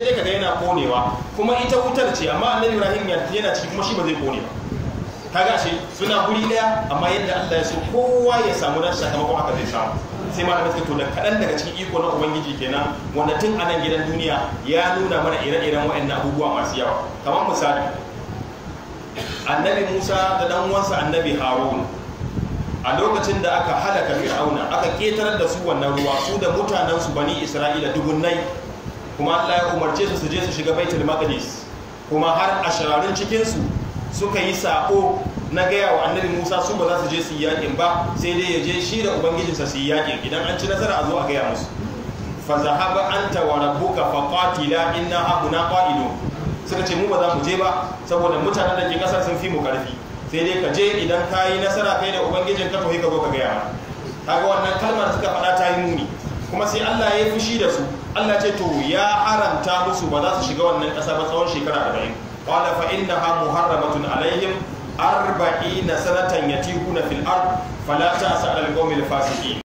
sai ka yana konewa kuma ita wutar ce amma annabi ibrahim yana ciki kuma shi ba zai kone ba ta gashi suna guri daya amma yadda Allah ya so kowa ya samu nan sakamakon haka zai samu sai ma da to da kadan daga cikin iko na ubangiji kenan wanda tun anan gidan duniya ya nuna mana ire-iren waɗannan abubuwa masu yawa kamar misali annabi Musa da dan uwansa annabi Harun a lokacin da aka halaka Fir'auna aka ketarar da su wannan ruwa su da mutanen su bani Isra'ila dubunnai kuma Allah ya umarce su su je su shiga baitul maqdis kuma har ashararin cikin su suka yi sako na gaya wa annabi Musa su ba za su je su yi yakin ba sai dai ya je shi da ubangijinsa su yi yakin idan an ci nasara a zo a gaya musu fa zahaba anta wa rabbuka fa qatila inna abuna qa'idun suka ce mu ba za mu je ba saboda mutanen da ke kasar sun fi mu karfi sai dai ka je idan ka yi nasara kai da ubangijin ka to ka zo ka gaya ma kaga wannan kalmar suka faɗa ta yi muni kuma sai Allah ya fushi da su Allah ce to ya haranta musu ba za su shiga wannan ƙasa ba tsawon shekara 40 qala fa innaha muharramatun alaihim arba'ina sanatan yatikuna fil ard fala ta'sa al al fasiqin